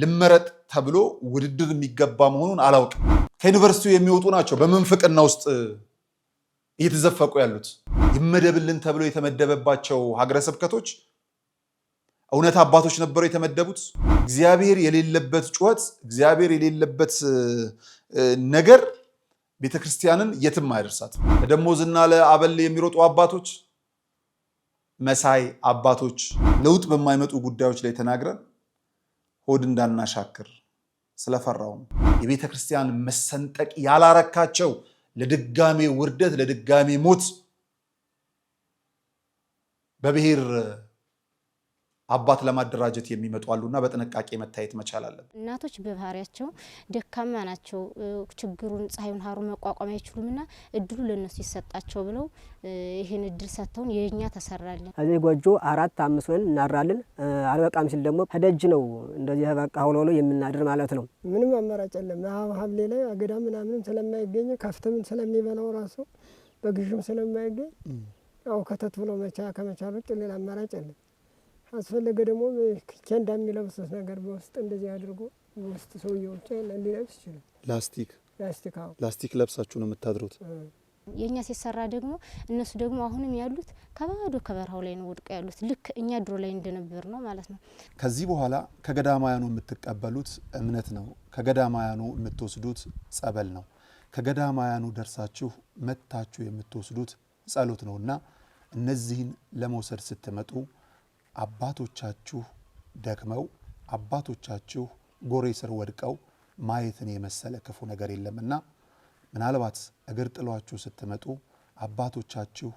ልመረጥ ተብሎ ውድድር የሚገባ መሆኑን አላውቅም። ከዩኒቨርሲቲው የሚወጡ ናቸው በምንፍቅና ውስጥ እየተዘፈቁ ያሉት። ይመደብልን ተብሎ የተመደበባቸው ሀገረ ስብከቶች እውነት አባቶች ነበረው የተመደቡት? እግዚአብሔር የሌለበት ጩኸት፣ እግዚአብሔር የሌለበት ነገር ቤተክርስቲያንን የትም አያደርሳት። ለደሞዝና ለአበል የሚሮጡ አባቶች መሳይ አባቶች ለውጥ በማይመጡ ጉዳዮች ላይ ተናግረን ሆድ እንዳናሻክር ስለፈራውም የቤተ ክርስቲያን መሰንጠቅ ያላረካቸው ለድጋሜ ውርደት፣ ለድጋሜ ሞት በብሔር አባት ለማደራጀት የሚመጡ አሉና በጥንቃቄ መታየት መቻል አለብን። እናቶች በባህሪያቸው ደካማ ናቸው። ችግሩን ፀሐዩን ሀሩ መቋቋም አይችሉምና እድሉ ለእነሱ ይሰጣቸው ብለው ይህን እድል ሰጥተውን የእኛ ተሰራለን። እዚህ ጎጆ አራት አምስት ወን እናራለን አልበቃም ሲል ደግሞ ከደጅ ነው እንደዚህ በቃ ሆኖ ሆኖ የምናድር ማለት ነው። ምንም አማራጭ የለም። ሀብሌ ላይ አገዳ ምናምንም ስለማይገኝ ከፍትምን ስለሚበላው ራሱ በግዥም ስለማይገኝ ያው ከተት ብሎ መቻ ከመቻል ውጭ ሌላ አማራጭ የለም። አስፈለገ ደግሞ ኬንዳ የሚለብሱት ነገር በውስጥ እንደዚህ አድርጎ ውስጥ ሰውየዎች ሊለብስ ይችላል። ላስቲክ ላስቲክ ላስቲክ ለብሳችሁ ነው የምታድሩት። የእኛ ሲሰራ ደግሞ እነሱ ደግሞ አሁንም ያሉት ከባዶ ከበረሃው ላይ ነው ወድቀው ያሉት ልክ እኛ ድሮ ላይ እንደነበር ነው ማለት ነው። ከዚህ በኋላ ከገዳማያኑ የምትቀበሉት እምነት ነው። ከገዳማያኑ የምትወስዱት ጸበል ነው። ከገዳማያኑ ደርሳችሁ መታችሁ የምትወስዱት ጸሎት እና እነዚህን ለመውሰድ ስትመጡ አባቶቻችሁ ደክመው አባቶቻችሁ ጎሬ ስር ወድቀው ማየትን የመሰለ ክፉ ነገር የለምና ምናልባት እግር ጥሏችሁ ስትመጡ አባቶቻችሁ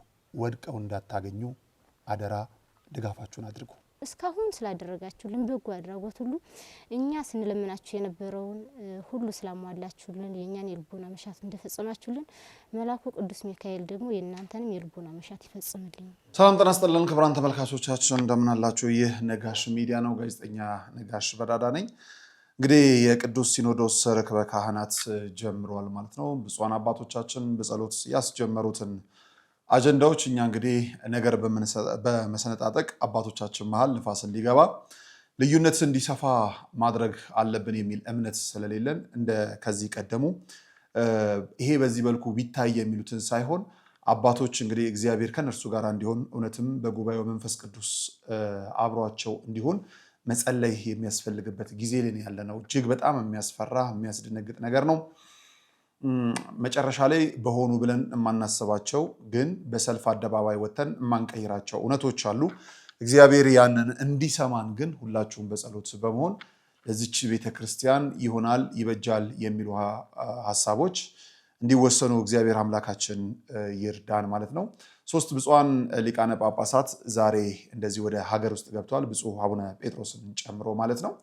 ወድቀው እንዳታገኙ አደራ ድጋፋችሁን አድርጉ። እስካሁን ስላደረጋችሁልን በጎ አድራጎት ሁሉ እኛ ስንለምናችሁ የነበረውን ሁሉ ስላሟላችሁልን የእኛን የልቦና መሻት እንደፈጸማችሁልን መላኩ ቅዱስ ሚካኤል ደግሞ የእናንተንም የልቦና መሻት ይፈጽምልኝ። ሰላም ጤና ይስጥልን ክቡራን ተመልካቾቻችን እንደምናላችሁ። ይህ ነጋሽ ሚዲያ ነው። ጋዜጠኛ ነጋሽ በዳዳ ነኝ። እንግዲህ የቅዱስ ሲኖዶስ ርክበ ካህናት ጀምሯል ማለት ነው። ብፁዓን አባቶቻችን በጸሎት ያስጀመሩትን አጀንዳዎች እኛ እንግዲህ ነገር በመሰነጣጠቅ አባቶቻችን መሀል ንፋስ እንዲገባ ልዩነት እንዲሰፋ ማድረግ አለብን የሚል እምነት ስለሌለን እንደ ከዚህ ቀደሙ ይሄ በዚህ መልኩ ቢታይ የሚሉትን ሳይሆን አባቶች እንግዲህ እግዚአብሔር ከነርሱ ጋር እንዲሆን እውነትም በጉባኤው መንፈስ ቅዱስ አብሯቸው እንዲሆን መጸለይ የሚያስፈልግበት ጊዜ ልን ያለ ነው። እጅግ በጣም የሚያስፈራ የሚያስደነግጥ ነገር ነው። መጨረሻ ላይ በሆኑ ብለን የማናስባቸው ግን በሰልፍ አደባባይ ወተን የማንቀይራቸው እውነቶች አሉ። እግዚአብሔር ያንን እንዲሰማን ግን ሁላችሁም በጸሎት በመሆን ለዚች ቤተክርስቲያን ይሆናል ይበጃል የሚሉ ሀሳቦች እንዲወሰኑ እግዚአብሔር አምላካችን ይርዳን ማለት ነው። ሶስት ብፁዓን ሊቃነ ጳጳሳት ዛሬ እንደዚህ ወደ ሀገር ውስጥ ገብተዋል። ብፁዕ አቡነ ጴጥሮስን ጨምሮ ማለት ነው።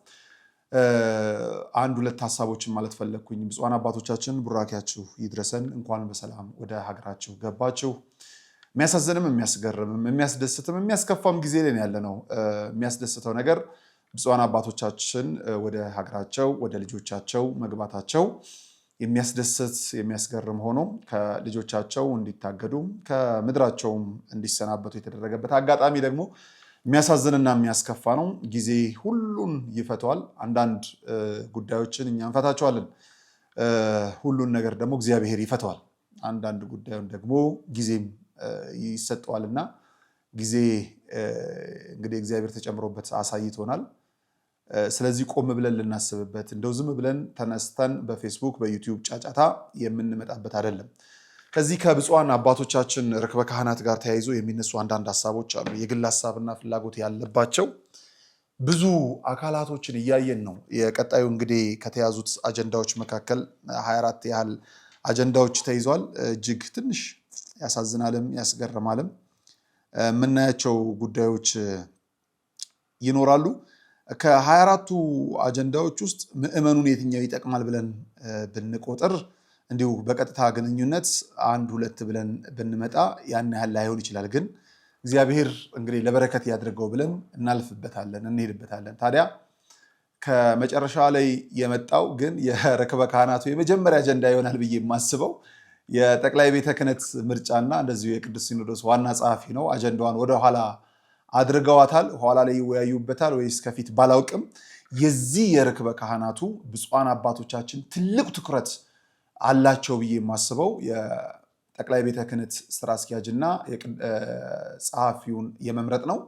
አንድ ሁለት ሀሳቦችን ማለት ፈለግኩኝ። ብፁዓን አባቶቻችን ቡራኪያችሁ ይድረሰን። እንኳን በሰላም ወደ ሀገራችሁ ገባችሁ። የሚያሳዝንም የሚያስገርምም የሚያስደስትም የሚያስከፋም ጊዜ ላይ ያለ ነው። የሚያስደስተው ነገር ብፁዓን አባቶቻችን ወደ ሀገራቸው ወደ ልጆቻቸው መግባታቸው የሚያስደስት የሚያስገርም ሆኖ ከልጆቻቸው እንዲታገዱ ከምድራቸውም እንዲሰናበቱ የተደረገበት አጋጣሚ ደግሞ የሚያሳዝንና የሚያስከፋ ነው። ጊዜ ሁሉን ይፈተዋል። አንዳንድ ጉዳዮችን እኛ እንፈታቸዋለን፣ ሁሉን ነገር ደግሞ እግዚአብሔር ይፈተዋል። አንዳንድ ጉዳዩን ደግሞ ጊዜም ይሰጠዋል እና ጊዜ እንግዲህ እግዚአብሔር ተጨምሮበት አሳይቶናል። ስለዚህ ቆም ብለን ልናስብበት እንደው ዝም ብለን ተነስተን በፌስቡክ በዩቲዩብ ጫጫታ የምንመጣበት አይደለም። ከዚህ ከብፁዓን አባቶቻችን ርክበ ካህናት ጋር ተያይዞ የሚነሱ አንዳንድ ሀሳቦች አሉ። የግል ሀሳብና ፍላጎት ያለባቸው ብዙ አካላቶችን እያየን ነው። የቀጣዩ እንግዲህ ከተያዙት አጀንዳዎች መካከል 24 ያህል አጀንዳዎች ተይዟል። እጅግ ትንሽ ያሳዝናልም ያስገርማልም የምናያቸው ጉዳዮች ይኖራሉ። ከ24ቱ አጀንዳዎች ውስጥ ምዕመኑን የትኛው ይጠቅማል ብለን ብንቆጥር እንዲሁ በቀጥታ ግንኙነት አንድ ሁለት ብለን ብንመጣ ያን ያህል ላይሆን ይችላል። ግን እግዚአብሔር እንግዲህ ለበረከት ያድርገው ብለን እናልፍበታለን፣ እንሄድበታለን። ታዲያ ከመጨረሻ ላይ የመጣው ግን የርክበ ካህናቱ የመጀመሪያ አጀንዳ ይሆናል ብዬ የማስበው የጠቅላይ ቤተ ክህነት ምርጫና እንደዚሁ የቅዱስ ሲኖዶስ ዋና ጸሐፊ ነው። አጀንዳዋን ወደኋላ አድርገዋታል። ኋላ ላይ ይወያዩበታል ወይስ ከፊት ባላውቅም፣ የዚህ የርክበ ካህናቱ ብፁዓን አባቶቻችን ትልቅ ትኩረት አላቸው ብዬ የማስበው የጠቅላይ ቤተ ክህነት ስራ አስኪያጅ እና ጸሐፊውን የመምረጥ ነው።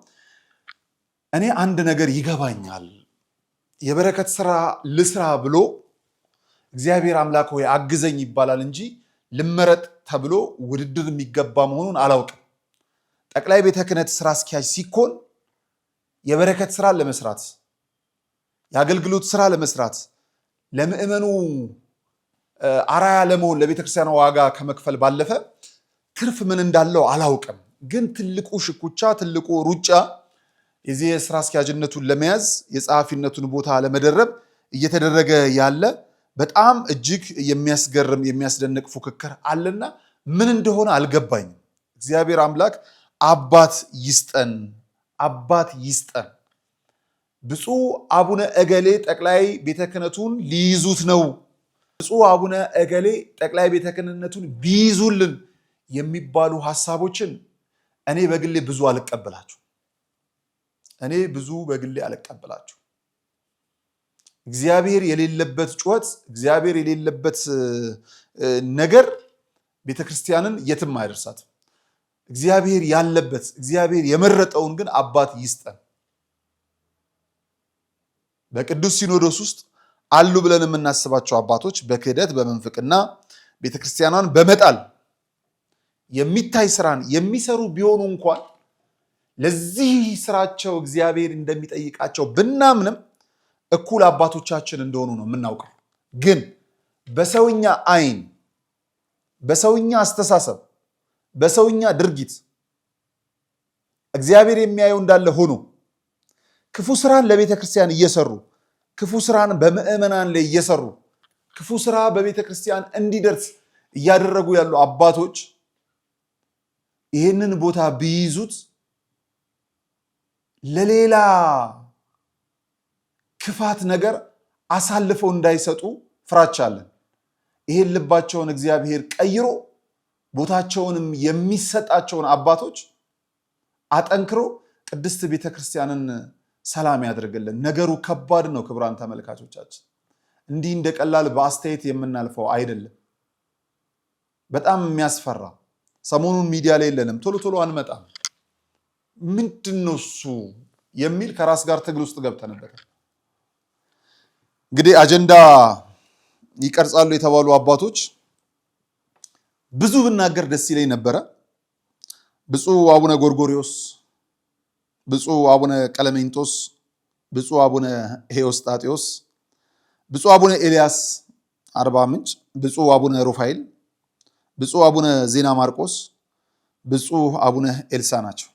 እኔ አንድ ነገር ይገባኛል፣ የበረከት ስራ ልስራ ብሎ እግዚአብሔር አምላክ ሆይ አግዘኝ ይባላል እንጂ ልመረጥ ተብሎ ውድድር የሚገባ መሆኑን አላውቅም። ጠቅላይ ቤተ ክህነት ስራ አስኪያጅ ሲኮን የበረከት ስራ ለመስራት የአገልግሎት ስራ ለመስራት ለምእመኑ አራያ ለመሆን ለቤተክርስቲያን ዋጋ ከመክፈል ባለፈ ትርፍ ምን እንዳለው አላውቅም። ግን ትልቁ ሽኩቻ፣ ትልቁ ሩጫ የዚህ የስራ አስኪያጅነቱን ለመያዝ የጸሐፊነቱን ቦታ ለመደረብ እየተደረገ ያለ በጣም እጅግ የሚያስገርም የሚያስደንቅ ፉክክር አለና ምን እንደሆነ አልገባኝም። እግዚአብሔር አምላክ አባት ይስጠን፣ አባት ይስጠን። ብፁዕ አቡነ እገሌ ጠቅላይ ቤተ ክህነቱን ሊይዙት ነው ብፁዕ አቡነ እገሌ ጠቅላይ ቤተ ክህነቱን ቢይዙልን የሚባሉ ሀሳቦችን እኔ በግሌ ብዙ አልቀበላችሁ እኔ ብዙ በግሌ አልቀበላችሁ። እግዚአብሔር የሌለበት ጩኸት፣ እግዚአብሔር የሌለበት ነገር ቤተክርስቲያንን የትም አይደርሳትም። እግዚአብሔር ያለበት እግዚአብሔር የመረጠውን ግን አባት ይስጠን። በቅዱስ ሲኖዶስ ውስጥ አሉ ብለን የምናስባቸው አባቶች በክህደት በመንፍቅና ቤተክርስቲያኗን በመጣል የሚታይ ስራን የሚሰሩ ቢሆኑ እንኳን ለዚህ ስራቸው እግዚአብሔር እንደሚጠይቃቸው ብናምንም እኩል አባቶቻችን እንደሆኑ ነው የምናውቀው። ግን በሰውኛ አይን በሰውኛ አስተሳሰብ፣ በሰውኛ ድርጊት እግዚአብሔር የሚያየው እንዳለ ሆኖ ክፉ ስራን ለቤተ ክርስቲያን እየሰሩ ክፉ ስራን በምእመናን ላይ እየሰሩ ክፉ ስራ በቤተ ክርስቲያን እንዲደርስ እያደረጉ ያሉ አባቶች ይህንን ቦታ ቢይዙት ለሌላ ክፋት ነገር አሳልፈው እንዳይሰጡ ፍራቻ አለን። ይህን ልባቸውን እግዚአብሔር ቀይሮ ቦታቸውንም የሚሰጣቸውን አባቶች አጠንክሮ ቅድስት ቤተ ክርስቲያንን ሰላም ያደርግልን። ነገሩ ከባድ ነው። ክቡራን ተመልካቾቻችን እንዲህ እንደ ቀላል በአስተያየት የምናልፈው አይደለም። በጣም የሚያስፈራ ሰሞኑን ሚዲያ ላይ የለንም፣ ቶሎ ቶሎ አንመጣም። ምንድን ነው እሱ የሚል ከራስ ጋር ትግል ውስጥ ገብተንበታል። እንግዲህ አጀንዳ ይቀርጻሉ የተባሉ አባቶች ብዙ ብናገር ደስ ይለኝ ነበረ። ብፁዕ አቡነ ጎርጎሪዎስ ብፁዕ አቡነ ቀለሜንጦስ፣ ብፁዕ አቡነ ሄዎስጣቴዎስ፣ ብፁዕ አቡነ ኤልያስ አርባ ምንጭ፣ ብፁዕ አቡነ ሩፋኤል፣ ብፁዕ አቡነ ዜና ማርቆስ፣ ብፁዕ አቡነ ኤልሳ ናቸው።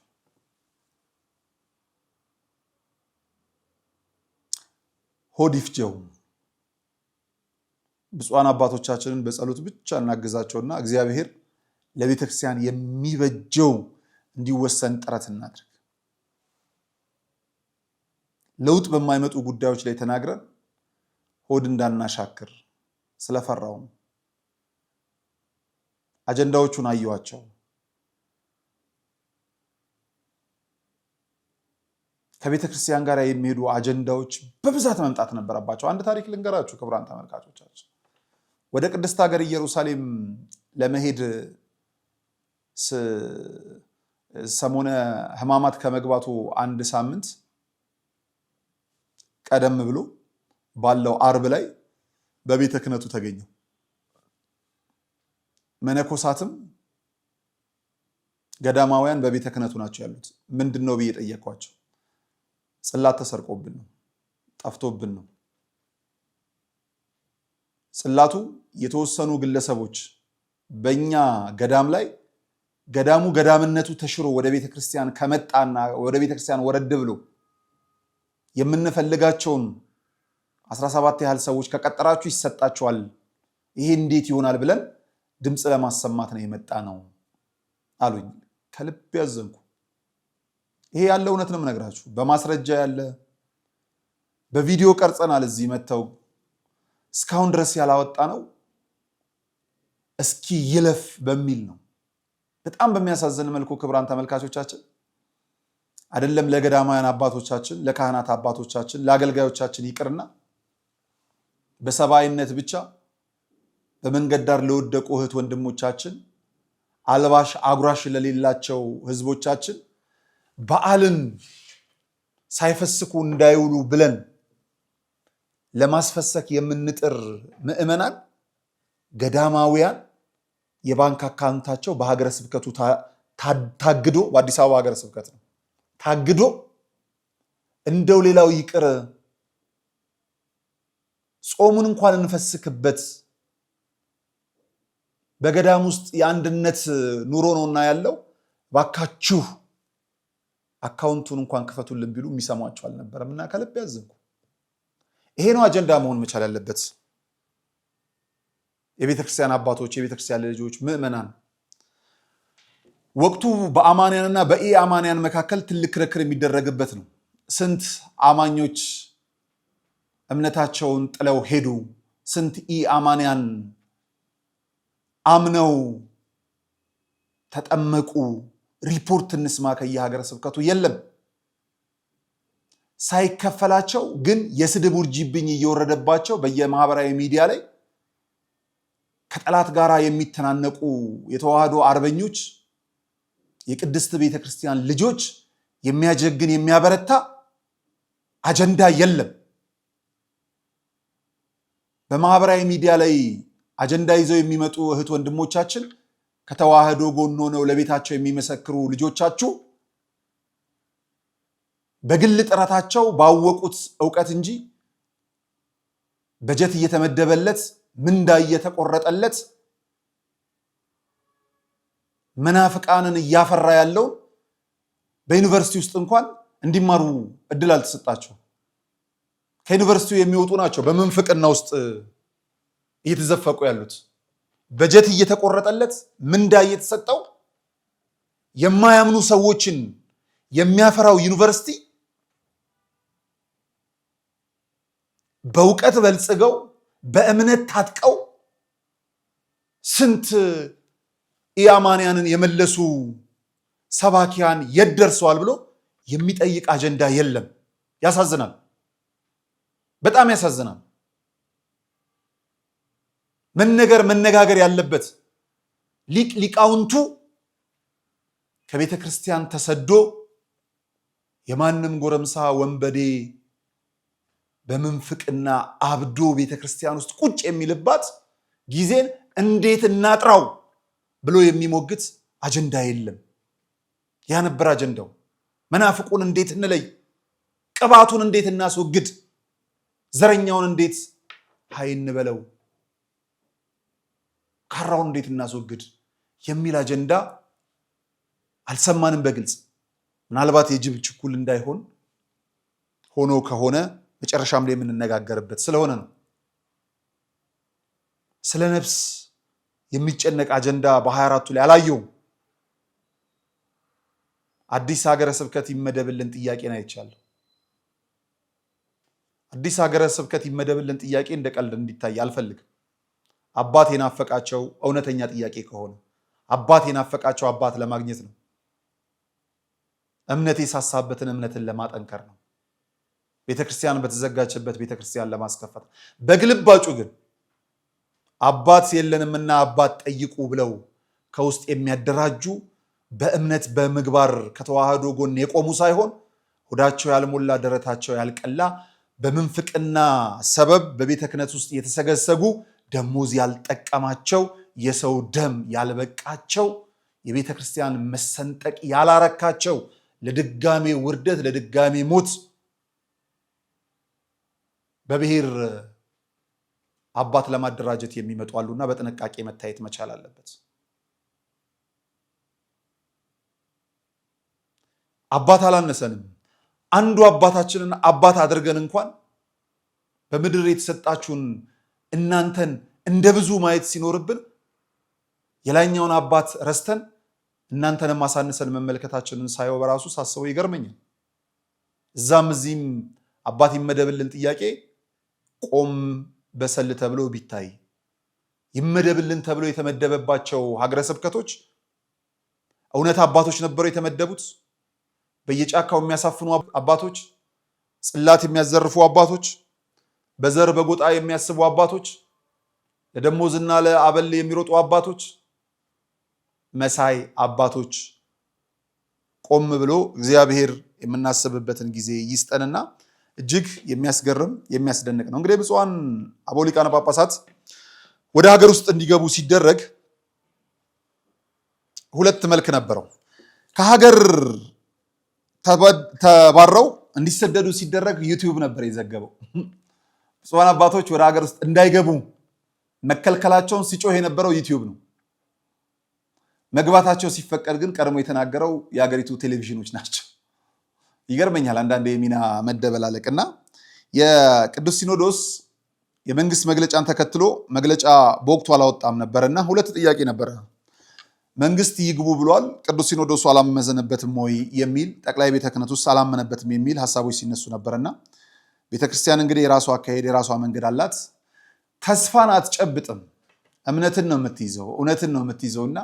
ሆዲፍጀው ይፍጀው። ብፁዓን አባቶቻችንን በጸሎት ብቻ እናግዛቸውና እግዚአብሔር ለቤተክርስቲያን የሚበጀው እንዲወሰን ጥረት እናድርግ። ለውጥ በማይመጡ ጉዳዮች ላይ ተናግረን ሆድ እንዳናሻክር ስለፈራው አጀንዳዎቹን አየዋቸው። ከቤተ ክርስቲያን ጋር የሚሄዱ አጀንዳዎች በብዛት መምጣት ነበረባቸው። አንድ ታሪክ ልንገራችሁ ክቡራን ተመልካቾቻችን። ወደ ቅድስት ሀገር ኢየሩሳሌም ለመሄድ ሰሞነ ሕማማት ከመግባቱ አንድ ሳምንት ቀደም ብሎ ባለው አርብ ላይ በቤተ ክህነቱ ተገኘው። መነኮሳትም ገዳማውያን በቤተ ክህነቱ ናቸው ያሉት። ምንድን ነው ብዬ ጠየኳቸው። ጽላት ተሰርቆብን ነው፣ ጠፍቶብን ነው። ጽላቱ የተወሰኑ ግለሰቦች በእኛ ገዳም ላይ ገዳሙ ገዳምነቱ ተሽሮ ወደ ቤተክርስቲያን ከመጣና ወደ ቤተክርስቲያን ወረድ ብሎ የምንፈልጋቸውን 17 ያህል ሰዎች ከቀጠራችሁ ይሰጣችኋል። ይሄ እንዴት ይሆናል ብለን ድምፅ ለማሰማት ነው የመጣ ነው አሉኝ። ከልብ ያዘንኩ። ይሄ ያለ እውነት ነው የምነግራችሁ፣ በማስረጃ ያለ በቪዲዮ ቀርጸናል። እዚህ መጥተው እስካሁን ድረስ ያላወጣ ነው እስኪ ይለፍ በሚል ነው። በጣም በሚያሳዝን መልኩ ክቡራን ተመልካቾቻችን አይደለም ለገዳማውያን አባቶቻችን፣ ለካህናት አባቶቻችን፣ ለአገልጋዮቻችን ይቅርና በሰብአዊነት ብቻ በመንገድ ዳር ለወደቁ እህት ወንድሞቻችን፣ አልባሽ አጉራሽ ለሌላቸው ህዝቦቻችን በዓልን ሳይፈስኩ እንዳይውሉ ብለን ለማስፈሰክ የምንጥር ምዕመናን ገዳማውያን የባንክ አካውንታቸው በሀገረ ስብከቱ ታግዶ በአዲስ አበባ ሀገረ ስብከት ነው ታግዶ እንደው ሌላው ይቅር ጾሙን እንኳን እንፈስክበት በገዳም ውስጥ የአንድነት ኑሮ ነውና ያለው ባካችሁ አካውንቱን እንኳን ክፈቱልን ቢሉ የሚሰማቸው አልነበረም እና ከልብ ያዘንኩ። ይሄ ነው አጀንዳ መሆን መቻል ያለበት የቤተክርስቲያን አባቶች፣ የቤተክርስቲያን ልጆች፣ ምዕመናን ወቅቱ በአማንያንና በኢ አማንያን መካከል ትልቅ ክርክር የሚደረግበት ነው። ስንት አማኞች እምነታቸውን ጥለው ሄዱ? ስንት ኢ አማንያን አምነው ተጠመቁ? ሪፖርት እንስማ ከየሀገረ ስብከቱ። የለም ሳይከፈላቸው ግን የስድብ ውርጅብኝ እየወረደባቸው በየማህበራዊ ሚዲያ ላይ ከጠላት ጋር የሚተናነቁ የተዋህዶ አርበኞች የቅድስት ቤተ ክርስቲያን ልጆች የሚያጀግን የሚያበረታ አጀንዳ የለም። በማህበራዊ ሚዲያ ላይ አጀንዳ ይዘው የሚመጡ እህት ወንድሞቻችን ከተዋህዶ ጎን ሆነው ለቤታቸው የሚመሰክሩ ልጆቻችሁ በግል ጥረታቸው ባወቁት እውቀት እንጂ በጀት እየተመደበለት ምንዳ እየተቆረጠለት መናፍቃንን እያፈራ ያለው በዩኒቨርሲቲ ውስጥ እንኳን እንዲማሩ እድል አልተሰጣቸው። ከዩኒቨርሲቲው የሚወጡ ናቸው በምንፍቅና ውስጥ እየተዘፈቁ ያሉት። በጀት እየተቆረጠለት ምንዳ እየተሰጠው የማያምኑ ሰዎችን የሚያፈራው ዩኒቨርሲቲ በእውቀት በልጽገው በእምነት ታጥቀው ስንት ኢአማንያንን የመለሱ ሰባኪያን የት ደርሰዋል ብሎ የሚጠይቅ አጀንዳ የለም። ያሳዝናል፣ በጣም ያሳዝናል። መነገር መነጋገር ያለበት ሊቅ ሊቃውንቱ ከቤተ ክርስቲያን ተሰዶ የማንም ጎረምሳ ወንበዴ በምንፍቅና አብዶ ቤተ ክርስቲያን ውስጥ ቁጭ የሚልባት ጊዜን እንዴት እናጥራው? ብሎ የሚሞግት አጀንዳ የለም። ያ ነበር አጀንዳው። መናፍቁን እንዴት እንለይ፣ ቅባቱን እንዴት እናስወግድ፣ ዘረኛውን እንዴት ሀይ እንበለው፣ ካራውን እንዴት እናስወግድ የሚል አጀንዳ አልሰማንም በግልጽ ምናልባት የጅብ ችኩል እንዳይሆን ሆኖ ከሆነ መጨረሻም ላይ የምንነጋገርበት ስለሆነ ነው ስለ ነፍስ የሚጨነቅ አጀንዳ በ24ቱ ላይ አላየውም። አዲስ ሀገረ ስብከት ይመደብልን ጥያቄን አይቻለሁ። አዲስ ሀገረ ስብከት ይመደብልን ጥያቄ እንደ ቀልድ እንዲታይ አልፈልግም። አባት የናፈቃቸው እውነተኛ ጥያቄ ከሆነ አባት የናፈቃቸው አባት ለማግኘት ነው። እምነት የሳሳበትን እምነትን ለማጠንከር ነው። ቤተክርስቲያን በተዘጋጀበት ቤተክርስቲያን ለማስከፈት በግልባጩ ግን አባት የለንምና አባት ጠይቁ ብለው ከውስጥ የሚያደራጁ በእምነት በምግባር ከተዋህዶ ጎን የቆሙ ሳይሆን ሆዳቸው ያልሞላ ደረታቸው ያልቀላ በምንፍቅና ሰበብ በቤተ ክህነት ውስጥ የተሰገሰጉ ደሞዝ ያልጠቀማቸው የሰው ደም ያልበቃቸው የቤተ ክርስቲያን መሰንጠቅ ያላረካቸው ለድጋሜ ውርደት ለድጋሜ ሞት በብሔር አባት ለማደራጀት የሚመጡ አሉና በጥንቃቄ መታየት መቻል አለበት። አባት አላነሰንም። አንዱ አባታችንን አባት አድርገን እንኳን በምድር የተሰጣችሁን እናንተን እንደ ብዙ ማየት ሲኖርብን የላይኛውን አባት ረስተን እናንተንም አሳንሰን መመልከታችንን ሳየው በራሱ ሳስበው ይገርመኛል። እዛም እዚህም አባት ይመደብልን ጥያቄ ቆም በሰል ተብሎ ቢታይ ይመደብልን ተብሎ የተመደበባቸው ሀገረ ስብከቶች እውነት አባቶች ነበሩ የተመደቡት? በየጫካው የሚያሳፍኑ አባቶች፣ ጽላት የሚያዘርፉ አባቶች፣ በዘር በጎጣ የሚያስቡ አባቶች፣ ለደሞዝና ለአበል የሚሮጡ አባቶች፣ መሳይ አባቶች ቆም ብሎ እግዚአብሔር የምናስብበትን ጊዜ ይስጠንና እጅግ የሚያስገርም የሚያስደንቅ ነው። እንግዲህ ብፁዓን አበው ሊቃነ ጳጳሳት ወደ ሀገር ውስጥ እንዲገቡ ሲደረግ ሁለት መልክ ነበረው። ከሀገር ተባረው እንዲሰደዱ ሲደረግ ዩቲዩብ ነበር የዘገበው። ብፁዓን አባቶች ወደ ሀገር ውስጥ እንዳይገቡ መከልከላቸውን ሲጮህ የነበረው ዩቲዩብ ነው። መግባታቸው ሲፈቀድ ግን ቀድሞ የተናገረው የሀገሪቱ ቴሌቪዥኖች ናቸው። ይገርመኛል አንዳንድ የሚና ና የቅዱስ ሲኖዶስ የመንግስት መግለጫን ተከትሎ መግለጫ በወቅቱ አላወጣም ነበርና ሁለት ጥያቄ ነበረ። መንግስት ይግቡ ብሏል፣ ቅዱስ ሲኖዶሱ አላመዘነበትም ወይ የሚል ጠቅላይ ቤተ ክህነት ውስጥ አላመነበትም የሚል ሀሳቦች ሲነሱ ነበርና ቤተክርስቲያን እንግዲህ የራሷ አካሄድ የራሷ መንገድ አላት። ተስፋን አትጨብጥም፣ እምነትን ነው የምትይዘው፣ እውነትን ነው የምትይዘው እና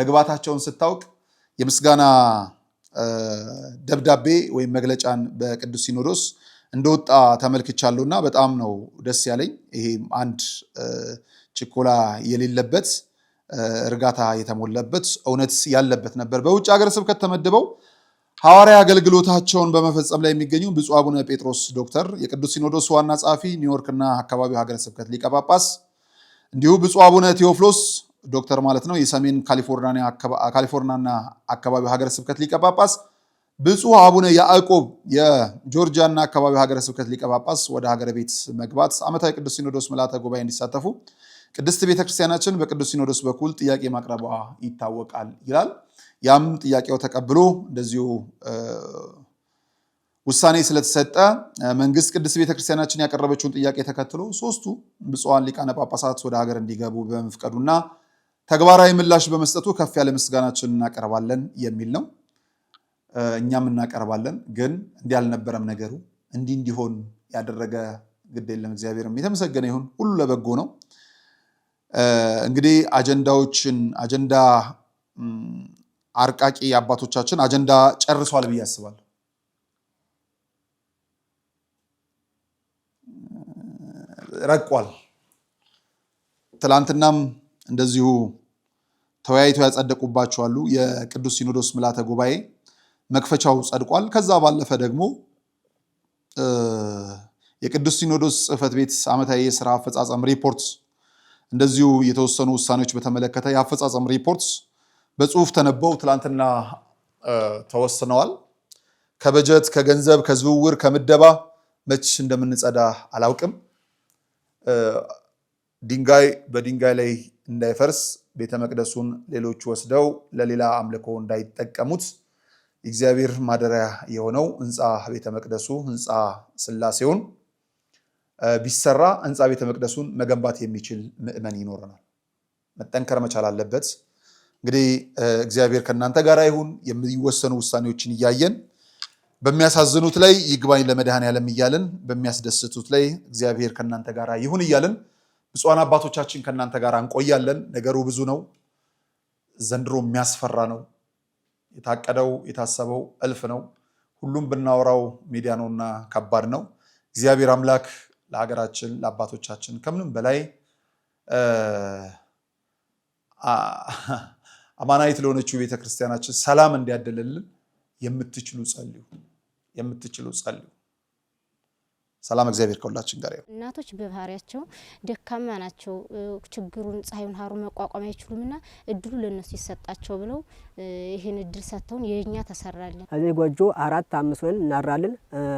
መግባታቸውን ስታውቅ የምስጋና ደብዳቤ ወይም መግለጫን በቅዱስ ሲኖዶስ እንደወጣ ተመልክቻለሁ በጣም ነው ደስ ያለኝ። ይሄም አንድ ችኮላ የሌለበት እርጋታ የተሞላበት እውነት ያለበት ነበር። በውጭ ሀገረ ስብከት ተመድበው ሐዋርያ አገልግሎታቸውን በመፈጸም ላይ የሚገኙ ብፁዕ አቡነ ጴጥሮስ ዶክተር፣ የቅዱስ ሲኖዶስ ዋና ጸሐፊ ኒውዮርክና አካባቢው ሀገረ ስብከት ሊቀ ጳጳስ፣ እንዲሁ ብፁዕ አቡነ ቴዎፍሎስ ዶክተር ማለት ነው የሰሜን ካሊፎርኒያና አካባቢው ሀገረ ስብከት ሊቀ ጳጳስ፣ አቡነ ያዕቆብ የጆርጂያና አካባቢው ሀገረ ስብከት ሊቀ ጳጳስ ወደ ሀገረ ቤት መግባት ዓመታዊ ቅዱስ ሲኖዶስ ምልዓተ ጉባኤ እንዲሳተፉ ቅድስት ቤተክርስቲያናችን በቅዱስ ሲኖዶስ በኩል ጥያቄ ማቅረቧ ይታወቃል ይላል። ያም ጥያቄው ተቀብሎ እንደዚሁ ውሳኔ ስለተሰጠ መንግስት ቅድስት ቤተክርስቲያናችን ያቀረበችውን ጥያቄ ተከትሎ ሶስቱ ብፁዓን ሊቃነ ጳጳሳት ወደ ሀገር እንዲገቡ በመፍቀዱና ተግባራዊ ምላሽ በመስጠቱ ከፍ ያለ ምስጋናችን እናቀርባለን የሚል ነው። እኛም እናቀርባለን። ግን እንዲህ አልነበረም ነገሩ፣ እንዲህ እንዲሆን ያደረገ ግድ የለም። እግዚአብሔርም የተመሰገነ ይሁን፣ ሁሉ ለበጎ ነው። እንግዲህ አጀንዳዎችን አጀንዳ አርቃቂ አባቶቻችን አጀንዳ ጨርሷል ብዬ አስባለሁ። ረቋል። ትላንትናም እንደዚሁ ተወያይተው ያጸደቁባቸው አሉ። የቅዱስ ሲኖዶስ ምልዓተ ጉባኤ መክፈቻው ጸድቋል። ከዛ ባለፈ ደግሞ የቅዱስ ሲኖዶስ ጽህፈት ቤት ዓመታዊ የስራ አፈጻጸም ሪፖርት እንደዚሁ የተወሰኑ ውሳኔዎች በተመለከተ የአፈጻጸም ሪፖርት በጽሁፍ ተነበው ትላንትና ተወስነዋል። ከበጀት ከገንዘብ ከዝውውር ከምደባ መች እንደምንጸዳ አላውቅም። ድንጋይ በድንጋይ ላይ እንዳይፈርስ ቤተ መቅደሱን ሌሎች ወስደው ለሌላ አምልኮ እንዳይጠቀሙት እግዚአብሔር ማደሪያ የሆነው ህንፃ ቤተ መቅደሱ ህንፃ ስላሴውን ቢሰራ ህንፃ ቤተ መቅደሱን መገንባት የሚችል ምዕመን ይኖረናል። መጠንከር መቻል አለበት። እንግዲህ እግዚአብሔር ከእናንተ ጋር ይሁን። የሚወሰኑ ውሳኔዎችን እያየን በሚያሳዝኑት ላይ ይግባኝ ለመድኃኔዓለም እያልን በሚያስደስቱት ላይ እግዚአብሔር ከእናንተ ጋር ይሁን እያልን ብፁዓን አባቶቻችን ከእናንተ ጋር እንቆያለን። ነገሩ ብዙ ነው። ዘንድሮ የሚያስፈራ ነው። የታቀደው የታሰበው እልፍ ነው። ሁሉም ብናወራው ሚዲያ ነውና ከባድ ነው። እግዚአብሔር አምላክ ለሀገራችን ለአባቶቻችን ከምንም በላይ አማናዊት ለሆነችው ቤተክርስቲያናችን ሰላም እንዲያደለልን የምትችሉ ጸልዩ፣ የምትችሉ ጸልዩ። ሰላም እግዚአብሔር ከሁላችን ጋር ይሁን። እናቶች በባህሪያቸው ደካማ ናቸው። ችግሩን ፀሐዩን ሀሩ መቋቋም አይችሉምና እድሉ ለእነሱ ይሰጣቸው ብለው ይህን እድል ሰጥተውን የእኛ ተሰራለን። እዚህ ጎጆ አራት አምስት ወን እናራለን።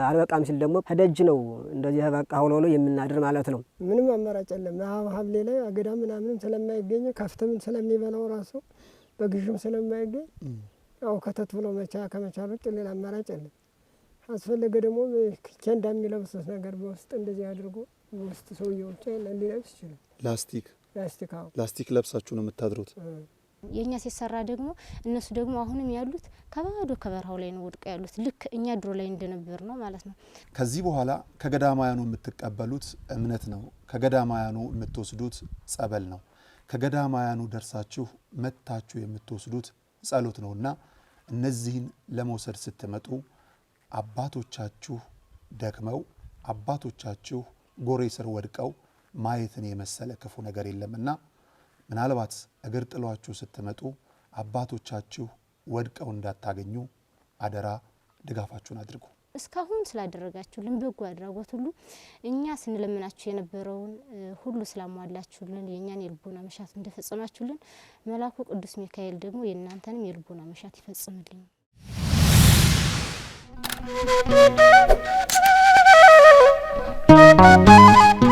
አልበቃም ሲል ደግሞ ከደጅ ነው እንደዚህ ተበቃ ሆኖ ሆኖ የምናድር ማለት ነው። ምንም አማራጭ የለም። ሀብሌ ላይ አገዳ ምናምንም ስለማይገኝ ከፍትም ስለሚበላው ራሱ በግዥም ስለማይገኝ ያው ከተት ብሎ መቻ ከመቻል ውጭ ሌላ አማራጭ የለም። አስፈለገ ደግሞ ኬንዳ የሚለብሱት ነገር በውስጥ እንደዚህ አድርጎ ውስጥ ሰውየዎች ሊለብስ ይችላል። ላስቲክ ላስቲክ ላስቲክ ለብሳችሁ ነው የምታድሩት። የእኛ ሲሰራ ደግሞ እነሱ ደግሞ አሁንም ያሉት ከባዶ ከበረሃው ላይ ነው ወድቀው ያሉት ልክ እኛ ድሮ ላይ እንደነበር ነው ማለት ነው። ከዚህ በኋላ ከገዳማያኑ የምትቀበሉት እምነት ነው። ከገዳማያኑ የምትወስዱት ጸበል ነው። ከገዳማያኑ ደርሳችሁ መታችሁ የምትወስዱት ጸሎት እና እነዚህን ለመውሰድ ስትመጡ አባቶቻችሁ ደክመው አባቶቻችሁ ጎሬ ስር ወድቀው ማየትን የመሰለ ክፉ ነገር የለምና ምናልባት እግር ጥሏችሁ ስትመጡ አባቶቻችሁ ወድቀው እንዳታገኙ አደራ ድጋፋችሁን አድርጉ። እስካሁን ስላደረጋችሁልን በጎ አድራጎት ሁሉ እኛ ስንለምናችሁ የነበረውን ሁሉ ስላሟላችሁልን የእኛን የልቦና መሻት እንደፈጸማችሁልን መላኩ ቅዱስ ሚካኤል ደግሞ የእናንተንም የልቦና መሻት ይፈጽምልኝ። Thank you.